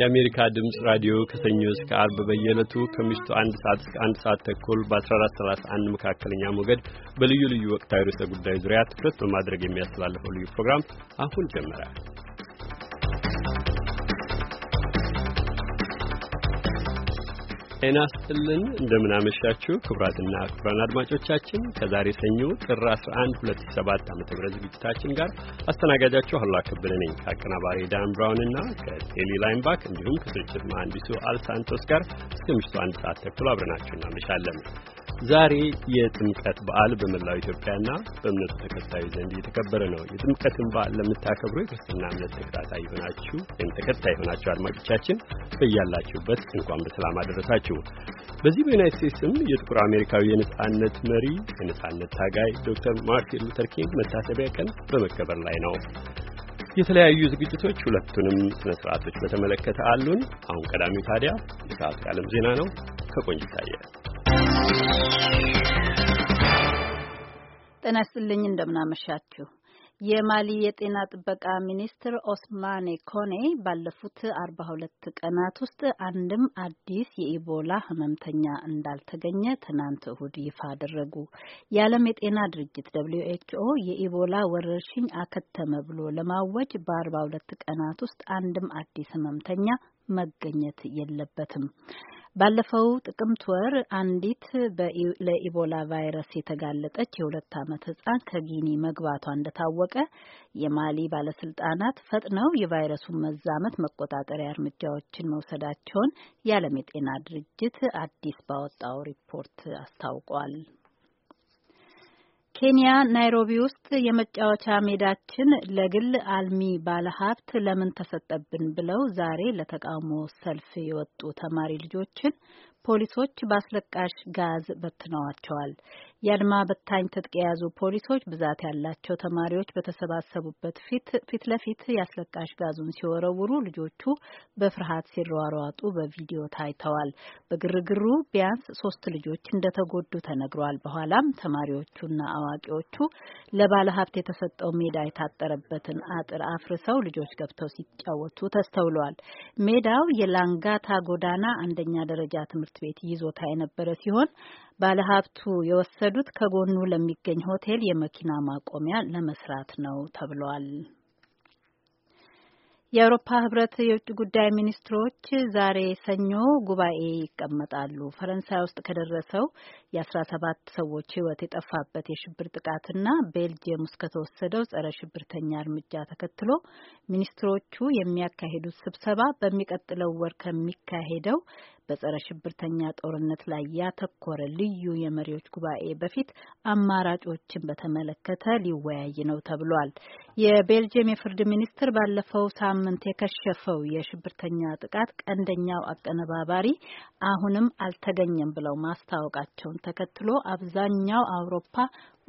የአሜሪካ ድምፅ ራዲዮ ከሰኞ እስከ አርብ በየዕለቱ ከምሽቱ አንድ ሰዓት እስከ አንድ ሰዓት ተኩል በ1431 መካከለኛ ሞገድ በልዩ ልዩ ወቅታዊ ርዕሰ ጉዳይ ዙሪያ ትኩረት በማድረግ የሚያስተላልፈው ልዩ ፕሮግራም አሁን ጀመረ። ጤና ስጥልን እንደምናመሻችሁ ክቡራትና ክቡራን አድማጮቻችን ከዛሬ ሰኞ ጥር 11 2007 ዓ ም ዝግጅታችን ጋር አስተናጋጃችሁ አሉላ ከበደ ነኝ ከአቀናባሪ ዳን ብራውን ብራውንና ከቴሊ ላይንባክ እንዲሁም ከስርጭት መሐንዲሱ አልሳንቶስ ጋር እስከ ምሽቱ አንድ ሰዓት ተኩል አብረናችሁ እናመሻለን። ዛሬ የጥምቀት በዓል በመላው ኢትዮጵያና በእምነቱ ተከታዮች ዘንድ የተከበረ ነው። የጥምቀትን በዓል ለምታከብሩ የክርስትና እምነት ተከታታይ የሆናችሁ ወይም ተከታይ የሆናችሁ አድማጮቻችን በያላችሁበት እንኳን በሰላም አደረሳችሁ። በዚህ በዩናይት ስቴትስም የጥቁር አሜሪካዊ የነጻነት መሪ የነጻነት ታጋይ ዶክተር ማርቲን ሉተር ኪንግ መታሰቢያ ቀን በመከበር ላይ ነው። የተለያዩ ዝግጅቶች ሁለቱንም ስነ ስርዓቶች በተመለከተ አሉን። አሁን ቀዳሚው ታዲያ የሰዓት የዓለም ዜና ነው። ከቆንጅ ይታያል። ጤና ይስጥልኝ። እንደምናመሻችሁ። የማሊ የጤና ጥበቃ ሚኒስትር ኦስማኔ ኮኔ ባለፉት አርባ ሁለት ቀናት ውስጥ አንድም አዲስ የኢቦላ ህመምተኛ እንዳልተገኘ ትናንት እሁድ ይፋ አደረጉ። የዓለም የጤና ድርጅት ደብሊዩ ኤችኦ የኢቦላ ወረርሽኝ አከተመ ብሎ ለማወጅ በአርባ ሁለት ቀናት ውስጥ አንድም አዲስ ህመምተኛ መገኘት የለበትም። ባለፈው ጥቅምት ወር አንዲት ለኢቦላ ቫይረስ የተጋለጠች የሁለት አመት ህጻን ከጊኒ መግባቷ እንደታወቀ የማሊ ባለስልጣናት ፈጥነው የቫይረሱን መዛመት መቆጣጠሪያ እርምጃዎችን መውሰዳቸውን የዓለም የጤና ድርጅት አዲስ ባወጣው ሪፖርት አስታውቋል። ኬንያ ናይሮቢ ውስጥ የመጫወቻ ሜዳችን ለግል አልሚ ባለሀብት ለምን ተሰጠብን ብለው ዛሬ ለተቃውሞ ሰልፍ የወጡ ተማሪ ልጆችን ፖሊሶች በአስለቃሽ ጋዝ በትነዋቸዋል። የአድማ በታኝ ትጥቅ የያዙ ፖሊሶች ብዛት ያላቸው ተማሪዎች በተሰባሰቡበት ፊት ፊት ለፊት የአስለቃሽ ጋዙን ሲወረውሩ ልጆቹ በፍርሃት ሲሯሯጡ በቪዲዮ ታይተዋል። በግርግሩ ቢያንስ ሶስት ልጆች እንደተጎዱ ተነግሯል። በኋላም ተማሪዎቹና አዋቂዎቹ ለባለሀብት የተሰጠው ሜዳ የታጠረበትን አጥር አፍርሰው ልጆች ገብተው ሲጫወቱ ተስተውለዋል። ሜዳው የላንጋታ ጎዳና አንደኛ ደረጃ ትምህርት ቤት ይዞታ የነበረ ሲሆን ባለሀብቱ የወሰዱት ከጎኑ ለሚገኝ ሆቴል የመኪና ማቆሚያ ለመስራት ነው ተብሏል። የአውሮፓ ህብረት የውጭ ጉዳይ ሚኒስትሮች ዛሬ ሰኞ ጉባኤ ይቀመጣሉ። ፈረንሳይ ውስጥ ከደረሰው የ17 ሰዎች ህይወት የጠፋበት የሽብር ጥቃትና ቤልጅየም ውስጥ ከተወሰደው ጸረ ሽብርተኛ እርምጃ ተከትሎ ሚኒስትሮቹ የሚያካሂዱት ስብሰባ በሚቀጥለው ወር ከሚካሄደው በጸረ ሽብርተኛ ጦርነት ላይ ያተኮረ ልዩ የመሪዎች ጉባኤ በፊት አማራጮችን በተመለከተ ሊወያይ ነው ተብሏል። የቤልጅየም የፍርድ ሚኒስትር ባለፈው ሳምንት የከሸፈው የሽብርተኛ ጥቃት ቀንደኛው አቀነባባሪ አሁንም አልተገኘም ብለው ማስታወቃቸውን መውጣቱን ተከትሎ አብዛኛው አውሮፓ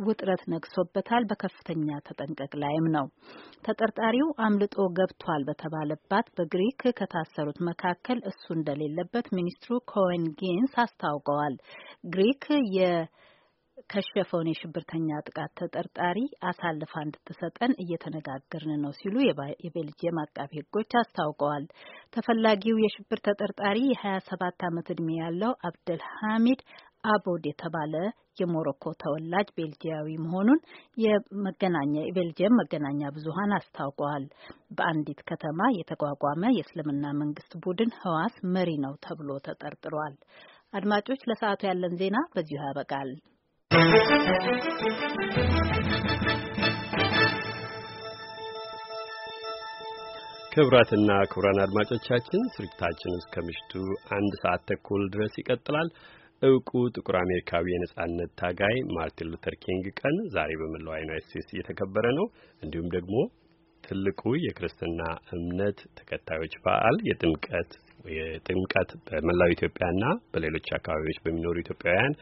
ውጥረት ነግሶበታል። በከፍተኛ ተጠንቀቅ ላይም ነው። ተጠርጣሪው አምልጦ ገብቷል በተባለባት በግሪክ ከታሰሩት መካከል እሱ እንደሌለበት ሚኒስትሩ ኮዌን ጌንስ አስታውቀዋል። ግሪክ የከሸፈውን የሽብርተኛ ጥቃት ተጠርጣሪ አሳልፋ እንድትሰጠን እየተነጋገርን ነው ሲሉ የቤልጅየም አቃቢ ሕጎች አስታውቀዋል። ተፈላጊው የሽብር ተጠርጣሪ የ27 ዓመት ዕድሜ ያለው አብደል ሐሚድ አቦድ የተባለ የሞሮኮ ተወላጅ ቤልጂያዊ መሆኑን የመገናኛ የቤልጅየም መገናኛ ብዙሀን አስታውቀዋል። በአንዲት ከተማ የተቋቋመ የእስልምና መንግስት ቡድን ህዋስ መሪ ነው ተብሎ ተጠርጥሯል። አድማጮች፣ ለሰዓቱ ያለን ዜና በዚሁ ያበቃል። ክቡራትና ክቡራን አድማጮቻችን ስርጭታችን እስከ ምሽቱ አንድ ሰዓት ተኩል ድረስ ይቀጥላል። እውቁ ጥቁር አሜሪካዊ የነጻነት ታጋይ ማርቲን ሉተር ኪንግ ቀን ዛሬ በመላው ዩናይት ስቴትስ እየተከበረ ነው። እንዲሁም ደግሞ ትልቁ የክርስትና እምነት ተከታዮች በዓል የጥምቀት የጥምቀት በመላው ኢትዮጵያና በሌሎች አካባቢዎች በሚኖሩ ኢትዮጵያውያን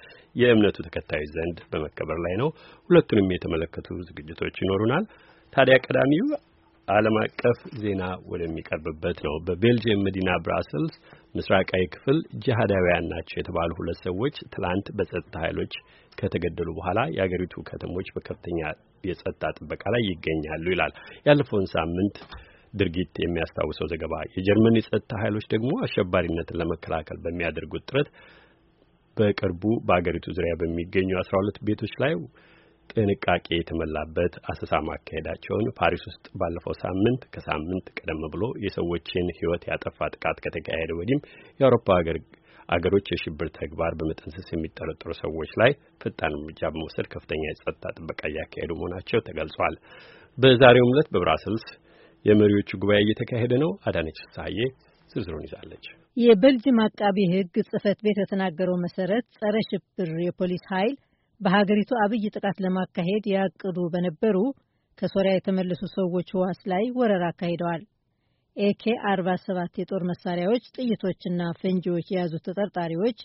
የእምነቱ ተከታዮች ዘንድ በመከበር ላይ ነው። ሁለቱንም የተመለከቱ ዝግጅቶች ይኖሩናል። ታዲያ ቀዳሚው ዓለም አቀፍ ዜና ወደሚቀርብበት ነው። በቤልጅየም መዲና ብራስልስ ምስራቃዊ ክፍል ጂሃዳውያን ናቸው የተባሉ ሁለት ሰዎች ትላንት በጸጥታ ኃይሎች ከተገደሉ በኋላ የአገሪቱ ከተሞች በከፍተኛ የጸጥታ ጥበቃ ላይ ይገኛሉ ይላል ያለፈውን ሳምንት ድርጊት የሚያስታውሰው ዘገባ። የጀርመን የጸጥታ ኃይሎች ደግሞ አሸባሪነትን ለመከላከል በሚያደርጉት ጥረት በቅርቡ በአገሪቱ ዙሪያ በሚገኙ አስራ ሁለት ቤቶች ላይ ጥንቃቄ የተሞላበት አሰሳ ማካሄዳቸውን ፓሪስ ውስጥ ባለፈው ሳምንት ከሳምንት ቀደም ብሎ የሰዎችን ሕይወት ያጠፋ ጥቃት ከተካሄደ ወዲህም የአውሮፓ ሀገር አገሮች የሽብር ተግባር በመጠንሰስ የሚጠረጠሩ ሰዎች ላይ ፈጣን እርምጃ በመውሰድ ከፍተኛ የጸጥታ ጥበቃ እያካሄዱ መሆናቸው ተገልጿል። በዛሬው ዕለት በብራሰልስ የመሪዎቹ ጉባኤ እየተካሄደ ነው። አዳነች ፍስሐዬ ዝርዝሩን ይዛለች። የቤልጅም አቃቢ ሕግ ጽህፈት ቤት በተናገረው መሰረት ጸረ ሽብር የፖሊስ ኃይል በሀገሪቱ አብይ ጥቃት ለማካሄድ ያቅዱ በነበሩ ከሶሪያ የተመለሱ ሰዎች ህዋስ ላይ ወረራ አካሂደዋል። ኤኬ 47 የጦር መሳሪያዎች፣ ጥይቶችና ፈንጂዎች የያዙ ተጠርጣሪዎች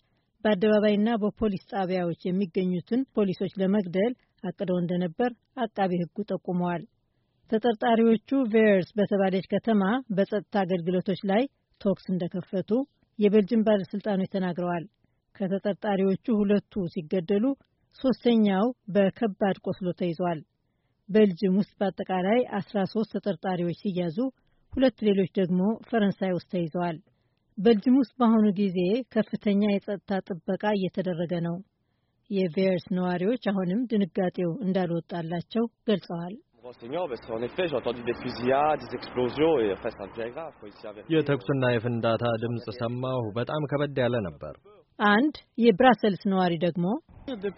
በአደባባይና በፖሊስ ጣቢያዎች የሚገኙትን ፖሊሶች ለመግደል አቅደው እንደነበር አቃቤ ሕጉ ጠቁመዋል። ተጠርጣሪዎቹ ቬርስ በተባለች ከተማ በጸጥታ አገልግሎቶች ላይ ተኩስ እንደከፈቱ የቤልጅን ባለስልጣኖች ተናግረዋል። ከተጠርጣሪዎቹ ሁለቱ ሲገደሉ ሶስተኛው በከባድ ቆስሎ ተይዟል። በልጅም ውስጥ በአጠቃላይ 13 ተጠርጣሪዎች ሲያዙ ሁለት ሌሎች ደግሞ ፈረንሳይ ውስጥ ተይዘዋል። በልጅም ውስጥ በአሁኑ ጊዜ ከፍተኛ የጸጥታ ጥበቃ እየተደረገ ነው። የቬርስ ነዋሪዎች አሁንም ድንጋጤው እንዳልወጣላቸው ገልጸዋል። የተኩስና የፍንዳታ ድምፅ ሰማሁ። በጣም ከበድ ያለ ነበር። አንድ የብራሰልስ ነዋሪ ደግሞ euh,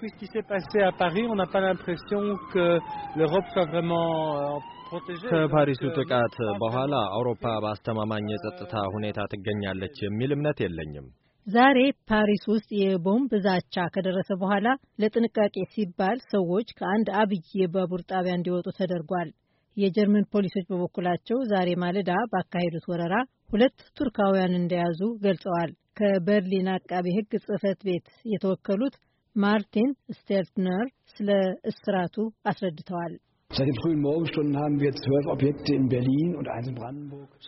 ከፓሪሱ euh, ጥቃት በኋላ አውሮፓ በአስተማማኝ የጸጥታ ሁኔታ ትገኛለች የሚል እምነት የለኝም። ዛሬ ፓሪስ ውስጥ የቦምብ ዛቻ ከደረሰ በኋላ ለጥንቃቄ ሲባል ሰዎች ከአንድ አብይ የባቡር ጣቢያ እንዲወጡ ተደርጓል። የጀርመን ፖሊሶች በበኩላቸው ዛሬ ማለዳ ባካሄዱት ወረራ ሁለት ቱርካውያን እንደያዙ ገልጸዋል። ከበርሊን አቃቤ ሕግ ጽህፈት ቤት የተወከሉት ማርቲን ስቴርትነር ስለ እስራቱ አስረድተዋል።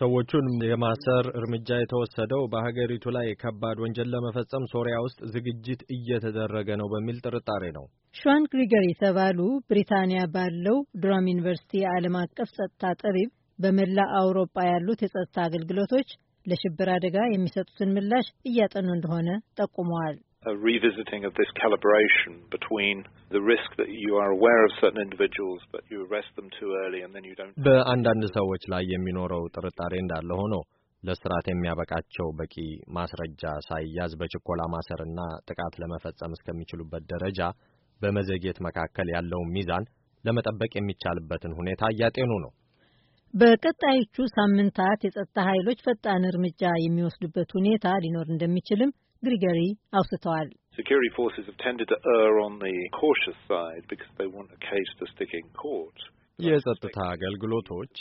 ሰዎቹን የማሰር እርምጃ የተወሰደው በሀገሪቱ ላይ ከባድ ወንጀል ለመፈጸም ሶሪያ ውስጥ ዝግጅት እየተደረገ ነው በሚል ጥርጣሬ ነው። ሸዋን ግሪገር የተባሉ ብሪታንያ ባለው ድራም ዩኒቨርሲቲ የዓለም አቀፍ ጸጥታ ጠቢብ በመላ አውሮፓ ያሉት የጸጥታ አገልግሎቶች ለሽብር አደጋ የሚሰጡትን ምላሽ እያጠኑ እንደሆነ ጠቁመዋል። በአንዳንድ ሰዎች ላይ የሚኖረው ጥርጣሬ እንዳለ ሆኖ ለስርዓት የሚያበቃቸው በቂ ማስረጃ ሳይያዝ በችኮላ ማሰርና ጥቃት ለመፈጸም እስከሚችሉበት ደረጃ በመዘግየት መካከል ያለውን ሚዛን ለመጠበቅ የሚቻልበትን ሁኔታ እያጤኑ ነው። በቀጣዮቹ ሳምንታት የጸጥታ ኃይሎች ፈጣን እርምጃ የሚወስዱበት ሁኔታ ሊኖር እንደሚችልም ግሪገሪ አውስተዋል። የጸጥታ አገልግሎቶች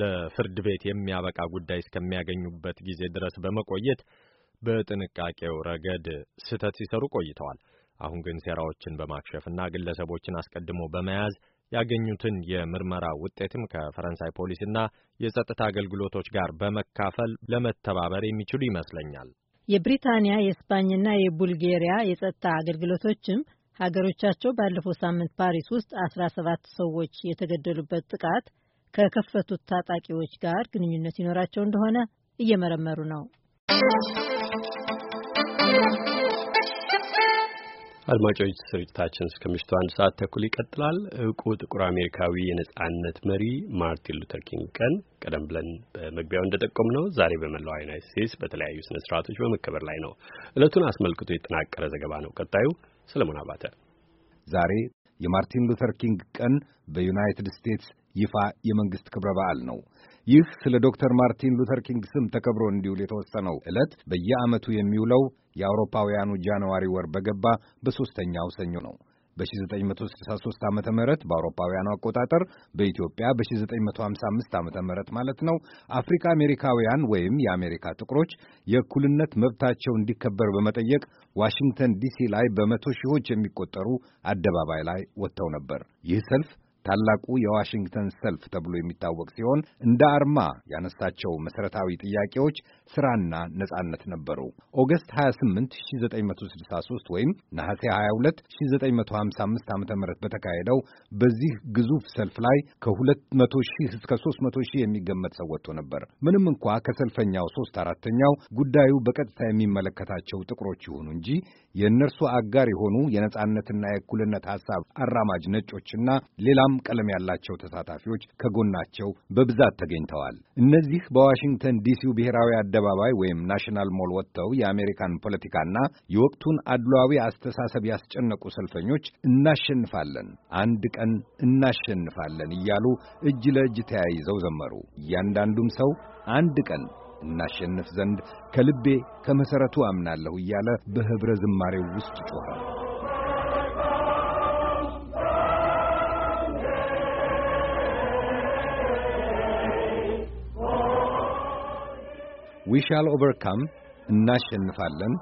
ለፍርድ ቤት የሚያበቃ ጉዳይ እስከሚያገኙበት ጊዜ ድረስ በመቆየት በጥንቃቄው ረገድ ስህተት ሲሰሩ ቆይተዋል። አሁን ግን ሴራዎችን በማክሸፍና ግለሰቦችን አስቀድሞ በመያዝ ያገኙትን የምርመራ ውጤትም ከፈረንሳይ ፖሊስና የጸጥታ አገልግሎቶች ጋር በመካፈል ለመተባበር የሚችሉ ይመስለኛል። የብሪታንያ የስፓኝና የቡልጌሪያ የጸጥታ አገልግሎቶችም ሀገሮቻቸው ባለፈው ሳምንት ፓሪስ ውስጥ አስራ ሰባት ሰዎች የተገደሉበት ጥቃት ከከፈቱት ታጣቂዎች ጋር ግንኙነት ይኖራቸው እንደሆነ እየመረመሩ ነው። አድማጮች ስርጭታችን እስከ ምሽቱ አንድ ሰዓት ተኩል ይቀጥላል። እውቁ ጥቁር አሜሪካዊ የነጻነት መሪ ማርቲን ሉተር ኪንግ ቀን ቀደም ብለን በመግቢያው እንደጠቆም ነው ዛሬ በመላው ዩናይት ስቴትስ በተለያዩ ስነ ስርዓቶች በመከበር ላይ ነው። እለቱን አስመልክቶ የተጠናቀረ ዘገባ ነው ቀጣዩ። ሰለሞን አባተ ዛሬ የማርቲን ሉተር ኪንግ ቀን በዩናይትድ ስቴትስ ይፋ የመንግስት ክብረ በዓል ነው። ይህ ስለ ዶክተር ማርቲን ሉተር ኪንግ ስም ተከብሮ እንዲውል የተወሰነው ዕለት በየዓመቱ የሚውለው የአውሮፓውያኑ ጃንዋሪ ወር በገባ በሦስተኛው ሰኞ ነው። በ1963 ዓ ም በአውሮፓውያኑ አቆጣጠር በኢትዮጵያ በ1955 ዓ ም ማለት ነው። አፍሪካ አሜሪካውያን ወይም የአሜሪካ ጥቁሮች የእኩልነት መብታቸው እንዲከበር በመጠየቅ ዋሽንግተን ዲሲ ላይ በመቶ ሺዎች የሚቆጠሩ አደባባይ ላይ ወጥተው ነበር። ይህ ሰልፍ ታላቁ የዋሽንግተን ሰልፍ ተብሎ የሚታወቅ ሲሆን እንደ አርማ ያነሳቸው መሠረታዊ ጥያቄዎች ሥራና ነጻነት ነበሩ። ኦገስት 28 1963 ወይም ነሐሴ 22 1955 ዓ ም በተካሄደው በዚህ ግዙፍ ሰልፍ ላይ ከ200 ሺህ እስከ 300 ሺህ የሚገመት ሰው ወጥቶ ነበር። ምንም እንኳ ከሰልፈኛው ሦስት አራተኛው ጉዳዩ በቀጥታ የሚመለከታቸው ጥቁሮች ይሁኑ እንጂ የእነርሱ አጋር የሆኑ የነጻነትና የእኩልነት ሐሳብ አራማጅ ነጮችና ሌላም የሰላም ቀለም ያላቸው ተሳታፊዎች ከጎናቸው በብዛት ተገኝተዋል። እነዚህ በዋሽንግተን ዲሲው ብሔራዊ አደባባይ ወይም ናሽናል ሞል ወጥተው የአሜሪካን ፖለቲካና የወቅቱን አድሏዊ አስተሳሰብ ያስጨነቁ ሰልፈኞች እናሸንፋለን፣ አንድ ቀን እናሸንፋለን እያሉ እጅ ለእጅ ተያይዘው ዘመሩ። እያንዳንዱም ሰው አንድ ቀን እናሸንፍ ዘንድ ከልቤ ከመሠረቱ አምናለሁ እያለ በኅብረ ዝማሬው ውስጥ ጮኸ። ዊሻል ኦቨርካም እናሸንፋለን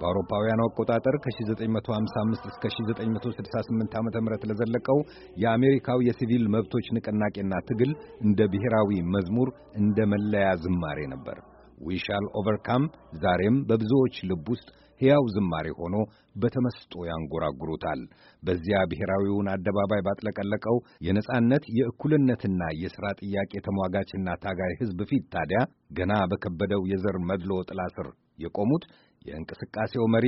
በአውሮፓውያን አቆጣጠር ከ1955 እስከ 1968 ዓመተ ምህረት ለዘለቀው የአሜሪካው የሲቪል መብቶች ንቅናቄና ትግል እንደ ብሔራዊ መዝሙር እንደ መለያ ዝማሬ ነበር። ዊሻል ኦቨርካም ዛሬም በብዙዎች ልብ ውስጥ ሕያው ዝማሬ ሆኖ በተመስጦ ያንጎራጉሩታል። በዚያ ብሔራዊውን አደባባይ ባጥለቀለቀው የነጻነት የእኩልነትና የሥራ ጥያቄ ተሟጋችና ታጋይ ሕዝብ ፊት ታዲያ ገና በከበደው የዘር መድሎ ጥላ ስር የቆሙት የእንቅስቃሴው መሪ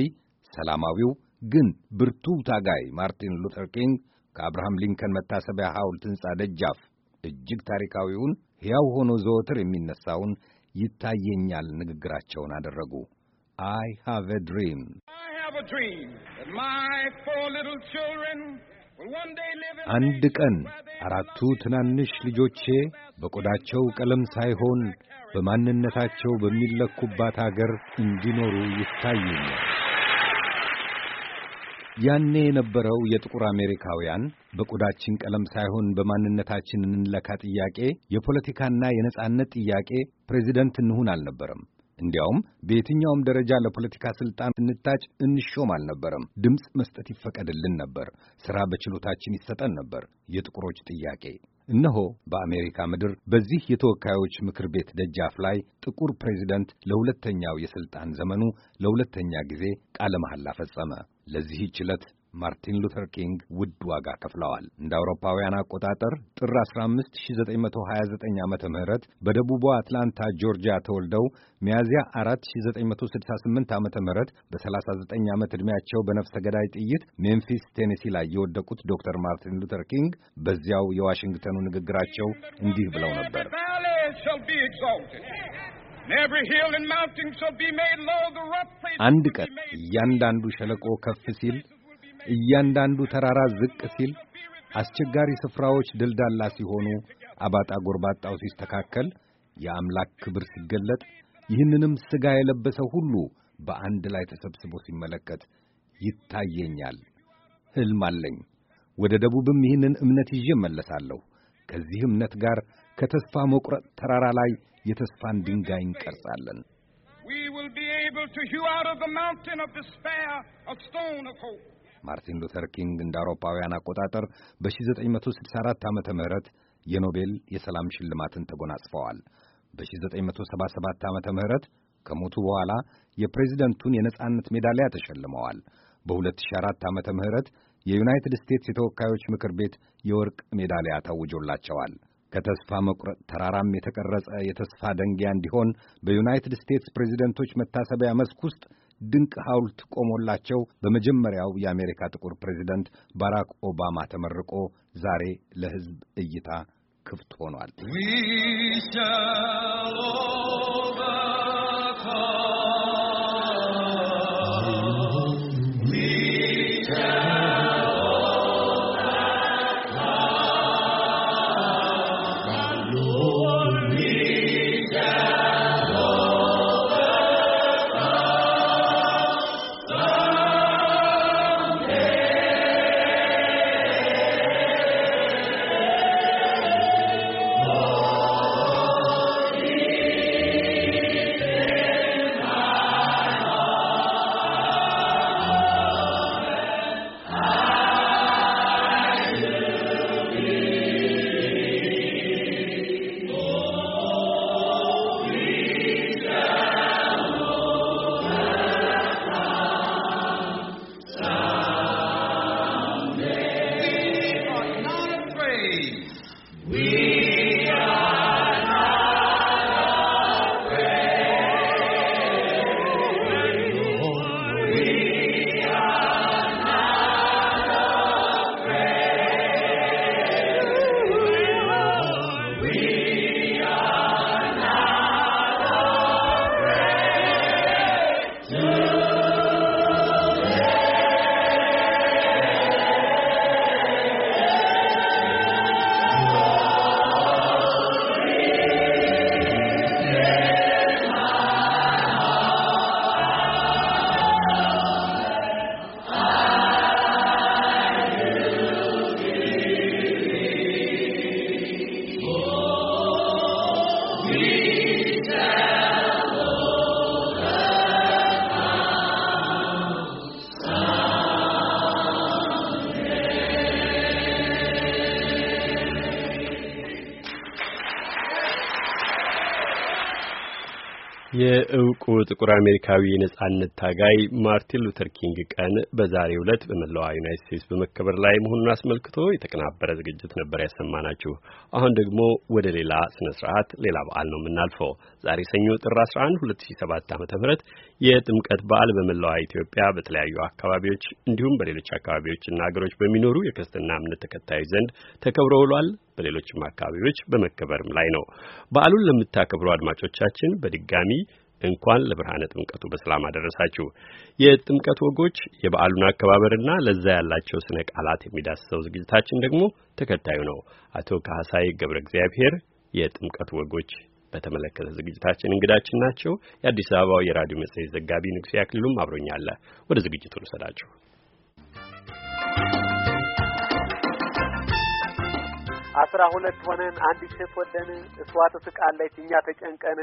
ሰላማዊው ግን ብርቱ ታጋይ ማርቲን ሉተር ኪንግ ከአብርሃም ሊንከን መታሰቢያ ሐውልት ሕንፃ ደጃፍ እጅግ ታሪካዊውን ሕያው ሆኖ ዘወትር የሚነሳውን ይታየኛል ንግግራቸውን አደረጉ። I have a dream. አንድ ቀን አራቱ ትናንሽ ልጆቼ በቆዳቸው ቀለም ሳይሆን በማንነታቸው በሚለኩባት አገር እንዲኖሩ ይታዩኛል። ያኔ የነበረው የጥቁር አሜሪካውያን በቆዳችን ቀለም ሳይሆን በማንነታችን እንለካ ጥያቄ የፖለቲካና የነጻነት ጥያቄ ፕሬዚደንት እንሁን አልነበረም። እንዲያውም በየትኛውም ደረጃ ለፖለቲካ ስልጣን እንታጭ እንሾም አልነበረም። ድምፅ መስጠት ይፈቀድልን ነበር። ሥራ በችሎታችን ይሰጠን ነበር። የጥቁሮች ጥያቄ እነሆ በአሜሪካ ምድር በዚህ የተወካዮች ምክር ቤት ደጃፍ ላይ ጥቁር ፕሬዚደንት ለሁለተኛው የሥልጣን ዘመኑ ለሁለተኛ ጊዜ ቃለ መሐላ ፈጸመ። ለዚህች ዕለት ማርቲን ሉተር ኪንግ ውድ ዋጋ ከፍለዋል። እንደ አውሮፓውያን አቆጣጠር ጥር 15 1929 ም በደቡቧ አትላንታ ጆርጂያ ተወልደው ሚያዝያ 4 1968 ም በ39 ዓመት ዕድሜያቸው በነፍሰ ገዳይ ጥይት ሜምፊስ ቴኔሲ ላይ የወደቁት ዶክተር ማርቲን ሉተር ኪንግ በዚያው የዋሽንግተኑ ንግግራቸው እንዲህ ብለው ነበር። አንድ ቀን እያንዳንዱ ሸለቆ ከፍ ሲል እያንዳንዱ ተራራ ዝቅ ሲል፣ አስቸጋሪ ስፍራዎች ድልዳላ ሲሆኑ፣ አባጣ ጎርባጣው ሲስተካከል፣ የአምላክ ክብር ሲገለጥ፣ ይህንንም ሥጋ የለበሰ ሁሉ በአንድ ላይ ተሰብስቦ ሲመለከት ይታየኛል። ሕልም አለኝ። ወደ ደቡብም ይህንን እምነት ይዤ እመለሳለሁ። ከዚህ እምነት ጋር ከተስፋ መቁረጥ ተራራ ላይ የተስፋን ድንጋይ እንቀርጻለን። We will be able to hew out of the mountain of despair a stone of hope. ማርቲን ሉተር ኪንግ እንደ አውሮፓውያን አቆጣጠር በ1964 ዓመተ ምህረት የኖቤል የሰላም ሽልማትን ተጎናጽፈዋል። በ1977 ዓመተ ምህረት ከሞቱ በኋላ የፕሬዚደንቱን የነጻነት ሜዳሊያ ተሸልመዋል። በ2004 ዓመተ ምህረት የዩናይትድ ስቴትስ የተወካዮች ምክር ቤት የወርቅ ሜዳሊያ ታውጆላቸዋል። ከተስፋ መቁረጥ ተራራም የተቀረጸ የተስፋ ደንጊያ እንዲሆን በዩናይትድ ስቴትስ ፕሬዚደንቶች መታሰቢያ መስክ ውስጥ ድንቅ ሐውልት ቆሞላቸው በመጀመሪያው የአሜሪካ ጥቁር ፕሬዚደንት ባራክ ኦባማ ተመርቆ ዛሬ ለሕዝብ እይታ ክፍት ሆኗል። የእውቁ ጥቁር አሜሪካዊ የነጻነት ታጋይ ማርቲን ሉተር ኪንግ ቀን በዛሬው ዕለት በመላዋ ዩናይት ስቴትስ በመከበር ላይ መሆኑን አስመልክቶ የተቀናበረ ዝግጅት ነበር ያሰማናችሁ። አሁን ደግሞ ወደ ሌላ ስነ ስርዓት፣ ሌላ በዓል ነው የምናልፈው። ዛሬ ሰኞ ጥር 11 2007 ም የጥምቀት በዓል በመላዋ ኢትዮጵያ በተለያዩ አካባቢዎች እንዲሁም በሌሎች አካባቢዎችና ሀገሮች በሚኖሩ የክርስትና እምነት ተከታዮች ዘንድ ተከብሮ ውሏል። በሌሎችም አካባቢዎች በመከበርም ላይ ነው። በዓሉን ለምታከብሩ አድማጮቻችን በድጋሚ እንኳን ለብርሃነ ጥምቀቱ በሰላም አደረሳችሁ። የጥምቀት ወጎች፣ የበዓሉን አከባበርና ለዛ ያላቸው ስነ ቃላት የሚዳስሰው ዝግጅታችን ደግሞ ተከታዩ ነው። አቶ ካህሳይ ገብረ እግዚአብሔር የጥምቀት ወጎች በተመለከተ ዝግጅታችን እንግዳችን ናቸው። የአዲስ አበባው የራዲዮ መጽሔት ዘጋቢ ንጉሴ አክሊሉም አብሮኛለ። ወደ ዝግጅቱ ልውሰዳችሁ። አስራ ሁለት ሆነን አንዲት ሴት ወደን፣ እሷ ትስቃለች፣ እኛ ተጨንቀን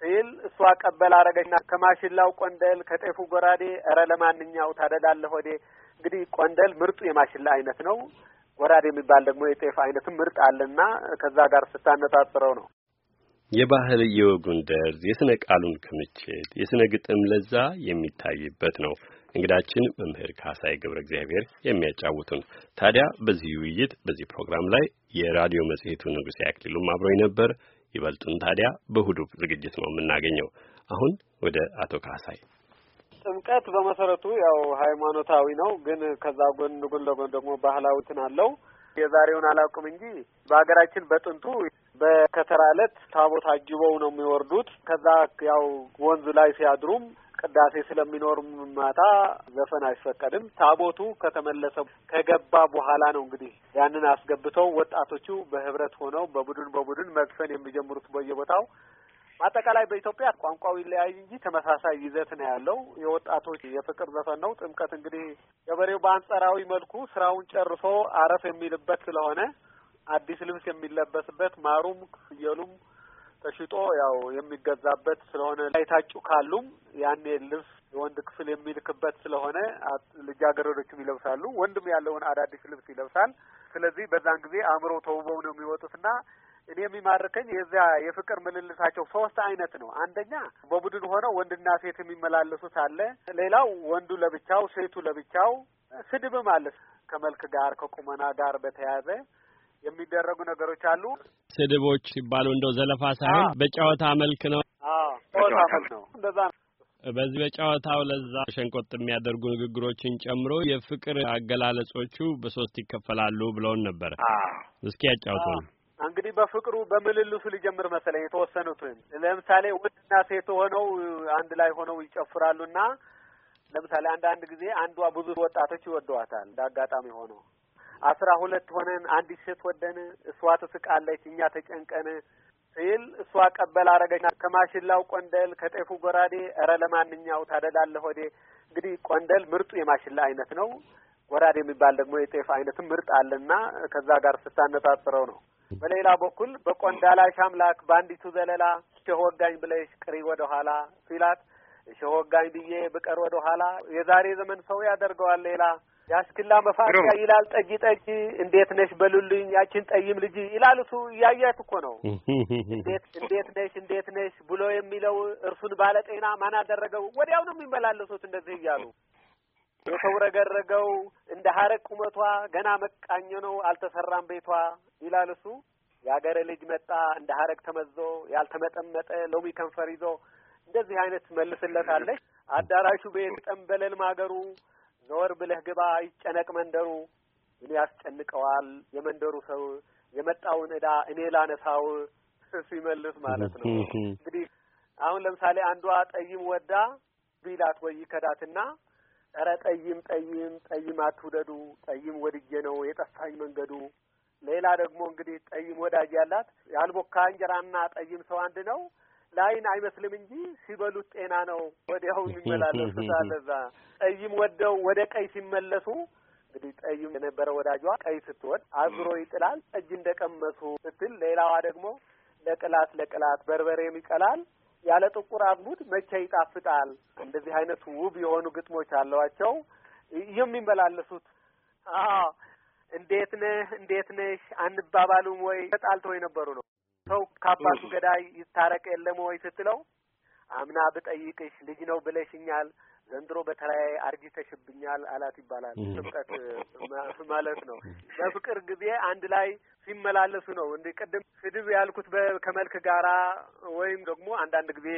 ሲል እሷ ቀበል አረገችና ከማሽላው ቆንደል ከጤፉ ጎራዴ፣ እረ ለማንኛው ታደላለህ ወዴ። እንግዲህ ቆንደል ምርጡ የማሽላ አይነት ነው። ጎራዴ የሚባል ደግሞ የጤፍ አይነትም ምርጥ አለና ከዛ ጋር ስታነጣጥረው ነው የባህል የወጉን ደርዝ የስነ ቃሉን ክምችት የስነ ግጥም ለዛ የሚታይበት ነው። እንግዳችን መምህር ካሳይ ገብረ እግዚአብሔር የሚያጫውቱን። ታዲያ በዚህ ውይይት በዚህ ፕሮግራም ላይ የራዲዮ መጽሔቱ ንጉሴ አክሊሉም አብሮኝ ነበር። ይበልጡን ታዲያ በእሁዱ ዝግጅት ነው የምናገኘው። አሁን ወደ አቶ ካሳይ ጥምቀት በመሰረቱ ያው ሃይማኖታዊ ነው፣ ግን ከዛ ጎን ጎን ለጎን ደግሞ ባህላዊትን አለው። የዛሬውን አላውቅም እንጂ በሀገራችን በጥንቱ በከተራ ዕለት ታቦት አጅበው ነው የሚወርዱት። ከዛ ያው ወንዝ ላይ ሲያድሩም ቅዳሴ ስለሚኖር ማታ ዘፈን አይፈቀድም። ታቦቱ ከተመለሰ ከገባ በኋላ ነው እንግዲህ ያንን አስገብተው ወጣቶቹ በህብረት ሆነው በቡድን በቡድን መግፈን የሚጀምሩት በየቦታው። አጠቃላይ በኢትዮጵያ ቋንቋው ይለያይ እንጂ ተመሳሳይ ይዘት ነው ያለው። የወጣቶች የፍቅር ዘፈን ነው። ጥምቀት እንግዲህ ገበሬው በአንጸራዊ መልኩ ስራውን ጨርሶ አረፍ የሚልበት ስለሆነ አዲስ ልብስ የሚለበስበት ማሩም ፍየሉም ተሽጦ ያው የሚገዛበት ስለሆነ ላይታጩ ካሉም ያኔ ልብስ የወንድ ክፍል የሚልክበት ስለሆነ ልጃገረዶችም ይለብሳሉ። ወንድም ያለውን አዳዲስ ልብስ ይለብሳል። ስለዚህ በዛን ጊዜ አእምሮ ተውበው ነው የሚወጡትና እኔ የሚማርከኝ የዚያ የፍቅር ምልልሳቸው ሶስት አይነት ነው። አንደኛ በቡድን ሆነው ወንድና ሴት የሚመላለሱት አለ። ሌላው ወንዱ ለብቻው፣ ሴቱ ለብቻው። ስድብም አለ ከመልክ ጋር ከቁመና ጋር በተያያዘ የሚደረጉ ነገሮች አሉ። ስድቦች ሲባሉ እንደው ዘለፋ ሳይሆን በጨዋታ መልክ ነው። ጨዋታ መልክ ነው። እንደዛ ነው። በዚህ በጨዋታው ለዛ ሸንቆጥ የሚያደርጉ ንግግሮችን ጨምሮ የፍቅር አገላለጾቹ በሶስት ይከፈላሉ ብለውን ነበር። እስኪ ያጫውቱ። እንግዲህ በፍቅሩ በምልልሱ ሊጀምር መሰለኝ የተወሰኑትን ለምሳሌ ወንድና ሴት ሆነው አንድ ላይ ሆነው ይጨፍራሉና ለምሳሌ አንዳንድ ጊዜ አንዷ ብዙ ወጣቶች ይወደዋታል እንደ አጋጣሚ ሆኖ አስራ ሁለት ሆነን አንዲት ሴት ወደን፣ እሷ ትስቃለች፣ እኛ ተጨንቀን ሲል እሷ ቀበል አረገች። ከማሽላው ቆንደል ከጤፉ ጎራዴ፣ እረ ለማንኛው ታደላለህ ሆዴ። እንግዲህ ቆንደል ምርጡ የማሽላ አይነት ነው። ጎራዴ የሚባል ደግሞ የጤፍ አይነትም ምርጥ አለና ከዛ ጋር ስታነጻጽረው ነው። በሌላ በኩል በቆንዳላሽ አምላክ በአንዲቱ ዘለላ ሸህ ወጋኝ ብለሽ ቅሪ ወደ ኋላ ሲላት ሸወጋኝ ብዬ ብቀር ወደ ኋላ የዛሬ ዘመን ሰው ያደርገዋል ሌላ ያስክላ መፋቂያ ይላል። ጠጅ ጠጅ እንዴት ነሽ በሉልኝ ያችን ጠይም ልጅ ይላል። እሱ እያያት እኮ ነው። እንዴት እንዴት ነሽ እንዴት ነሽ ብሎ የሚለው እርሱን ባለጤና ማን አደረገው? ወዲያው ነው የሚመላለሱት እንደዚህ እያሉ የተውረገረገው እንደ ሀረግ ቁመቷ ገና መቃኘ ነው አልተሰራም ቤቷ ይላል እሱ። የአገረ ልጅ መጣ እንደ ሀረግ ተመዞ ያልተመጠመጠ ሎሚ ከንፈር ይዞ እንደዚህ አይነት መልስለታለች። አዳራሹ ቤት ጠንበለል ማገሩ ዘወር ብለህ ግባ ይጨነቅ መንደሩ እኔ ያስጨንቀዋል የመንደሩ ሰው የመጣውን እዳ እኔ ላነሳው ሲመልስ ማለት ነው። እንግዲህ አሁን ለምሳሌ አንዷ ጠይም ወዳ ቢላት ወይ ከዳትና ኧረ ጠይም ጠይም ጠይም አትውደዱ ጠይም ወድጄ ነው የጠፋኝ መንገዱ። ሌላ ደግሞ እንግዲህ ጠይም ወዳጅ ያላት ያልቦካ እንጀራና ጠይም ሰው አንድ ነው ለአይን አይመስልም እንጂ ሲበሉት ጤና ነው። ወዲያው የሚመላለሱታል። እዛ ጠይም ወደው ወደ ቀይ ሲመለሱ እንግዲህ ጠይም የነበረ ወዳጇ ቀይ ስትወድ አዝሮ ይጥላል። ጠጅ እንደቀመሱ ስትል ሌላዋ ደግሞ ለቅላት ለቅላት በርበሬም ይቀላል ያለ ጥቁር አዝሙድ መቼ ይጣፍጣል። እንደዚህ አይነት ውብ የሆኑ ግጥሞች አለዋቸው የሚመላለሱት። አዎ እንዴት ነህ እንዴት ነሽ አንባባሉም ወይ ተጣልተው የነበሩ ነው። ሰው ከአባቱ ገዳይ ይታረቅ የለም ወይ ስትለው አምና ብጠይቅሽ ልጅ ነው ብለሽኛል፣ ዘንድሮ በተለያየ አርጅተሽብኛል አላት ይባላል። ጥምቀት ማለት ነው። በፍቅር ጊዜ አንድ ላይ ሲመላለሱ ነው። እንደ ቅድም ስድብ ያልኩት ከመልክ ጋራ ወይም ደግሞ አንዳንድ ጊዜ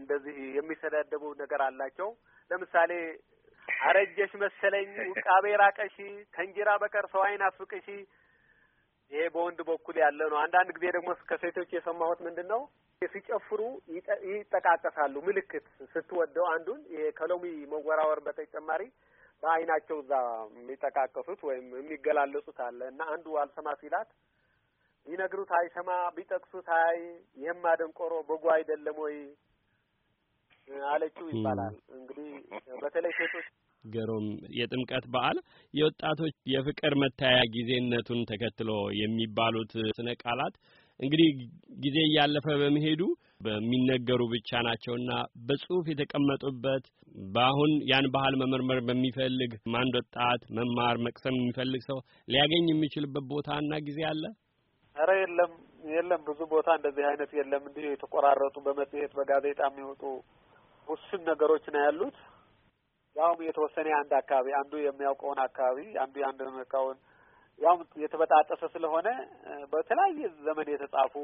እንደዚህ የሚሰዳደቡ ነገር አላቸው። ለምሳሌ አረጀሽ መሰለኝ፣ ውቃቤ ራቀሽ፣ ከእንጀራ በቀር ሰው አይን ይሄ በወንድ በኩል ያለ ነው። አንዳንድ ጊዜ ደግሞ ከሴቶች የሰማሁት ምንድን ነው ሲጨፍሩ ይጠቃቀሳሉ። ምልክት ስትወደው አንዱን ይሄ ከሎሚ መወራወር በተጨማሪ በአይናቸው እዛ የሚጠቃቀሱት ወይም የሚገላለጹት አለ እና አንዱ አልሰማ ሲላት ቢነግሩት አይሰማ፣ ቢጠቅሱት አይ ይህማ ደንቆሮ በጎ አይደለም ወይ አለችው ይባላል። እንግዲህ በተለይ ሴቶች ገሮም የጥምቀት በዓል የወጣቶች የፍቅር መታያ ጊዜነቱን ተከትሎ የሚባሉት ስነ ቃላት እንግዲህ ጊዜ እያለፈ በመሄዱ በሚነገሩ ብቻ ናቸውና በጽሁፍ የተቀመጡበት በአሁን ያን ባህል መመርመር በሚፈልግ አንድ ወጣት መማር መቅሰም የሚፈልግ ሰው ሊያገኝ የሚችልበት ቦታና ጊዜ አለ? ኧረ የለም የለም፣ ብዙ ቦታ እንደዚህ አይነት የለም። እንዲሁ የተቆራረጡ በመጽሔት በጋዜጣ የሚወጡ ውስን ነገሮች ነው ያሉት። ያውም የተወሰነ አንድ አካባቢ አንዱ የሚያውቀውን አካባቢ አንዱ የአንድ የሚያውቀውን ያውም የተበጣጠሰ ስለሆነ በተለያየ ዘመን የተጻፉ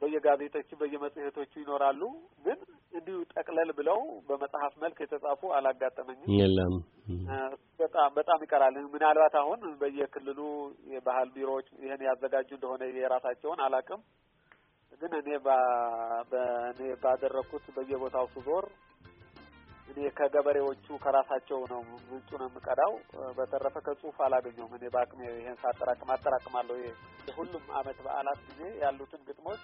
በየጋዜጦቹ በየመጽሔቶቹ ይኖራሉ። ግን እንዲሁ ጠቅለል ብለው በመጽሐፍ መልክ የተጻፉ አላጋጠመኝም። የለም፣ በጣም በጣም ይቀራል። ምናልባት አሁን በየክልሉ የባህል ቢሮዎች ይህን ያዘጋጁ እንደሆነ የራሳቸውን አላቅም። ግን እኔ ባደረግኩት በየቦታው ስዞር እኔ ከገበሬዎቹ ከራሳቸው ነው ምንጩ ነው የምቀዳው። በተረፈ ከጽሁፍ አላገኘውም። እኔ በአቅሜ ይህን ሳጠራቅም አጠራቅማለሁ። ይሄ የሁሉም አመት በዓላት ጊዜ ያሉትን ግጥሞች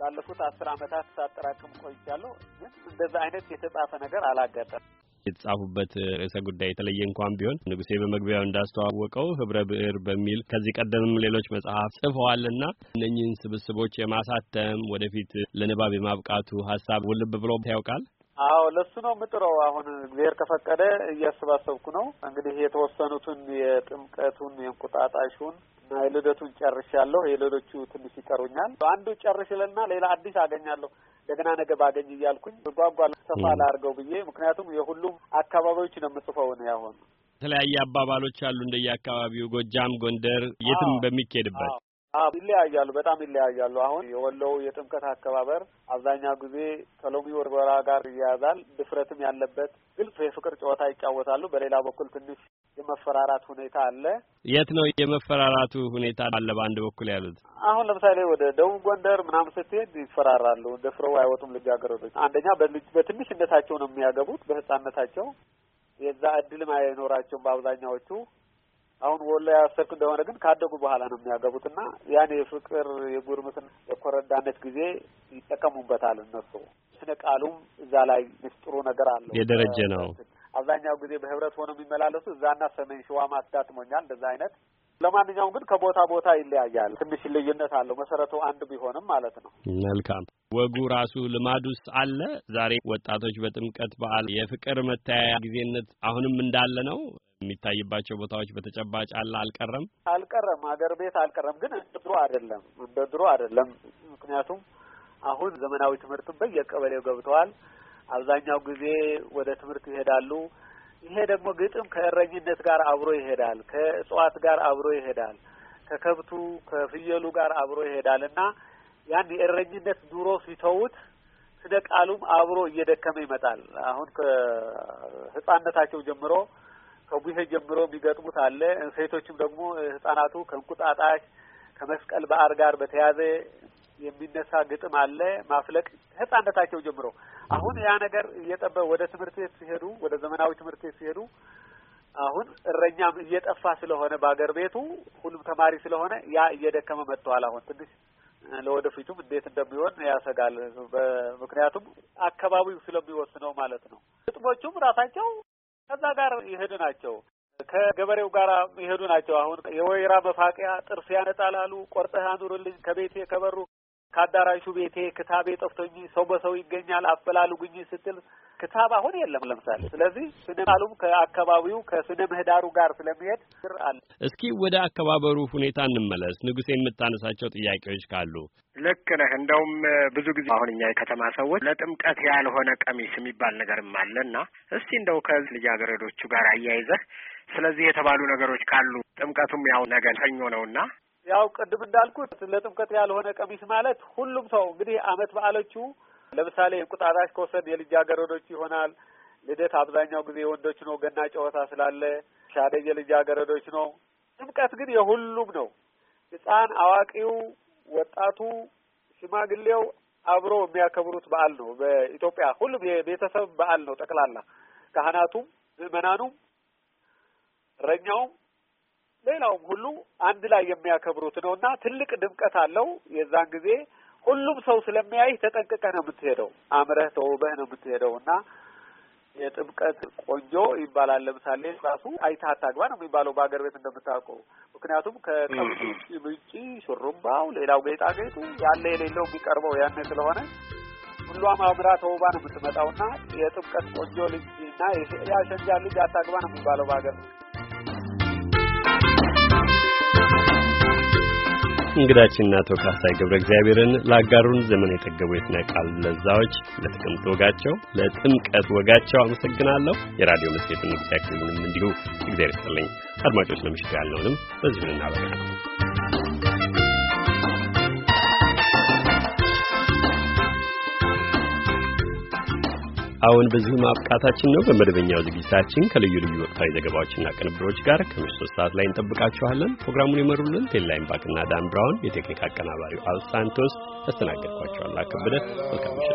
ባለፉት አስር አመታት ሳጠራቅም ቆይቻለሁ። ግን እንደዛ አይነት የተጻፈ ነገር አላጋጠም። የተጻፉበት ርዕሰ ጉዳይ የተለየ እንኳን ቢሆን ንጉሴ በመግቢያው እንዳስተዋወቀው ህብረ ብዕር በሚል ከዚህ ቀደምም ሌሎች መጽሐፍ ጽፈዋልና እነኚህን ስብስቦች የማሳተም ወደፊት ለንባብ የማብቃቱ ሀሳብ ውልብ ብሎ ያውቃል? አዎ ለሱ ነው የምጥረው። አሁን እግዚአብሔር ከፈቀደ እያሰባሰብኩ ነው። እንግዲህ የተወሰኑትን የጥምቀቱን፣ የእንቁጣጣሹን እና የልደቱን ጨርሻለሁ። የሌሎቹ ትንሽ ይቀሩኛል። አንዱ ጨርሽልና ሌላ አዲስ አገኛለሁ እንደገና ነገ ባገኝ እያልኩኝ ጓጓል ሰፋ ላርገው ብዬ ምክንያቱም የሁሉም አካባቢዎች ነው የምጽፈው ነው ያሆን የተለያየ አባባሎች አሉ እንደየ አካባቢው ጎጃም፣ ጎንደር የትም በሚካሄድበት ይለያያሉ፣ በጣም ይለያያሉ። አሁን የወሎው የጥምቀት አከባበር አብዛኛው ጊዜ ከሎሚ ወርበራ ጋር ይያያዛል። ድፍረትም ያለበት ግልጽ የፍቅር ጨዋታ ይጫወታሉ። በሌላ በኩል ትንሽ የመፈራራት ሁኔታ አለ። የት ነው የመፈራራቱ ሁኔታ አለ? በአንድ በኩል ያሉት አሁን ለምሳሌ ወደ ደቡብ ጎንደር ምናምን ስትሄድ ይፈራራሉ። ደፍረው አይወጡም ልጃገረዶች። አንደኛ በትንሽነታቸው ነው የሚያገቡት፣ በህፃነታቸው የዛ እድልም አይኖራቸውም በአብዛኛዎቹ አሁን ወሎ ያሰርኩ እንደሆነ ግን ካደጉ በኋላ ነው የሚያገቡትና ያን የፍቅር የጉርምትን የኮረዳነት ጊዜ ይጠቀሙበታል እነሱ። ስነ ቃሉም እዛ ላይ ምስጥሩ ነገር አለው፣ የደረጀ ነው። አብዛኛው ጊዜ በህብረት ሆነው የሚመላለሱ እዛና ሰሜን ሸዋ ማዳትሞኛል እንደዛ አይነት ለማንኛውም ግን ከቦታ ቦታ ይለያያል። ትንሽ ልዩነት አለው። መሰረቱ አንድ ቢሆንም ማለት ነው። መልካም ወጉ ራሱ ልማዱስ አለ። ዛሬ ወጣቶች በጥምቀት በዓል የፍቅር መተያያ ጊዜነት አሁንም እንዳለ ነው። የሚታይባቸው ቦታዎች በተጨባጭ አለ አልቀረም አልቀረም አገር ቤት አልቀረም፣ ግን እንደ ድሮ አይደለም እንደ ድሮ አይደለም። ምክንያቱም አሁን ዘመናዊ ትምህርት በየቀበሌው ገብተዋል። አብዛኛው ጊዜ ወደ ትምህርት ይሄዳሉ። ይሄ ደግሞ ግጥም ከእረኝነት ጋር አብሮ ይሄዳል፣ ከእጽዋት ጋር አብሮ ይሄዳል፣ ከከብቱ ከፍየሉ ጋር አብሮ ይሄዳል እና ያን የእረኝነት ዱሮ ሲተውት ስነ ቃሉም አብሮ እየደከመ ይመጣል። አሁን ከህጻነታቸው ጀምሮ ከቡሄ ጀምሮ የሚገጥሙት አለ። ሴቶችም ደግሞ ህጻናቱ ከእንቁጣጣሽ ከመስቀል በዓል ጋር በተያያዘ የሚነሳ ግጥም አለ። ማፍለቅ ህጻነታቸው ጀምሮ አሁን ያ ነገር እየጠበ ወደ ትምህርት ቤት ሲሄዱ ወደ ዘመናዊ ትምህርት ቤት ሲሄዱ አሁን እረኛም እየጠፋ ስለሆነ በአገር ቤቱ ሁሉም ተማሪ ስለሆነ ያ እየደከመ መጥተዋል። አሁን ትንሽ ለወደፊቱም እንዴት እንደሚሆን ያሰጋል። ምክንያቱም አካባቢው ስለሚወስነው ማለት ነው። ግጥሞቹም ራሳቸው ከዛ ጋር የሄዱ ናቸው። ከገበሬው ጋር የሄዱ ናቸው። አሁን የወይራ መፋቂያ ጥርስ ያነጣላሉ። ቆርጠህ አኑርልኝ ከቤቴ ከበሩ ከአዳራሹ ቤቴ ክታቤ ጠፍቶኝ ሰው በሰው ይገኛል አፈላሉ ጉኝ ስትል ክታብ አሁን የለም ለምሳሌ። ስለዚህ ስነ ቃሉም ከአካባቢው ከስነ ምህዳሩ ጋር ስለሚሄድ ችግር አለ። እስኪ ወደ አከባበሩ ሁኔታ እንመለስ። ንጉሴ የምታነሳቸው ጥያቄዎች ካሉ ልክ ነህ። እንደውም ብዙ ጊዜ አሁን እኛ የከተማ ሰዎች ለጥምቀት ያልሆነ ቀሚስ የሚባል ነገርም አለ እና እስቲ እንደው ልጃገረዶቹ ጋር አያይዘህ ስለዚህ የተባሉ ነገሮች ካሉ ጥምቀቱም ያው ነገ ሰኞ ነውና ያው ቅድም እንዳልኩት ለጥምቀት ያልሆነ ቀሚስ ማለት ሁሉም ሰው እንግዲህ አመት በዓሎቹ ለምሳሌ እንቁጣጣሽ ከወሰድ የልጃገረዶች ይሆናል። ልደት አብዛኛው ጊዜ የወንዶች ነው። ገና ጨዋታ ስላለ ሻደይ የልጃገረዶች ነው። ጥምቀት ግን የሁሉም ነው። ህፃን አዋቂው፣ ወጣቱ፣ ሽማግሌው አብሮ የሚያከብሩት በዓል ነው። በኢትዮጵያ ሁሉም የቤተሰብ በዓል ነው ጠቅላላ ካህናቱም፣ ምዕመናኑም፣ እረኛውም ሌላውም ሁሉ አንድ ላይ የሚያከብሩት ነው እና ትልቅ ድምቀት አለው የዛን ጊዜ ሁሉም ሰው ስለሚያይህ ተጠንቅቀህ ነው የምትሄደው። አምረህ ተውበህ ነው የምትሄደው እና የጥምቀት ቆንጆ ይባላል። ለምሳሌ ራሱ አይተህ አታግባ ነው የሚባለው በሀገር ቤት እንደምታውቀው። ምክንያቱም ከቀብጭ ምንጭ፣ ሹሩባው፣ ሌላው ጌጣጌጡ ያለ የሌለው የሚቀርበው ያኔ ስለሆነ ሁሏም አምራ ተውባ ነው የምትመጣውና የጥምቀት ቆንጆ ልጅ እና የአሸንጃ ልጅ አታግባ ነው የሚባለው በሀገር ቤት እንግዳችንና አቶ ካሳይ ገብረ እግዚአብሔርን ላጋሩን ዘመን የጠገቡ ቃል ለዛዎች ለጥቅምት ወጋቸው ለጥምቀት ወጋቸው አመሰግናለሁ። የራዲዮ መጽሔትን ያክልንም እንዲሁ እግዚአብሔር ይስጥልኝ። አድማጮች ለምሽቱ ያልነውንም በዚሁ እናበቃለን። አሁን በዚህ ማብቃታችን ነው። በመደበኛው ዝግጅታችን ከልዩ ልዩ ወቅታዊ ዘገባዎችና ቅንብሮች ጋር ከምሽቱ ሶስት ሰዓት ላይ እንጠብቃችኋለን። ፕሮግራሙን የመሩልን ቴሌላይን ባክና ዳን ብራውን፣ የቴክኒክ አቀናባሪው አል ሳንቶስ፣ ያስተናገድኳቸዋል አከበደ። መልካም ምሽት።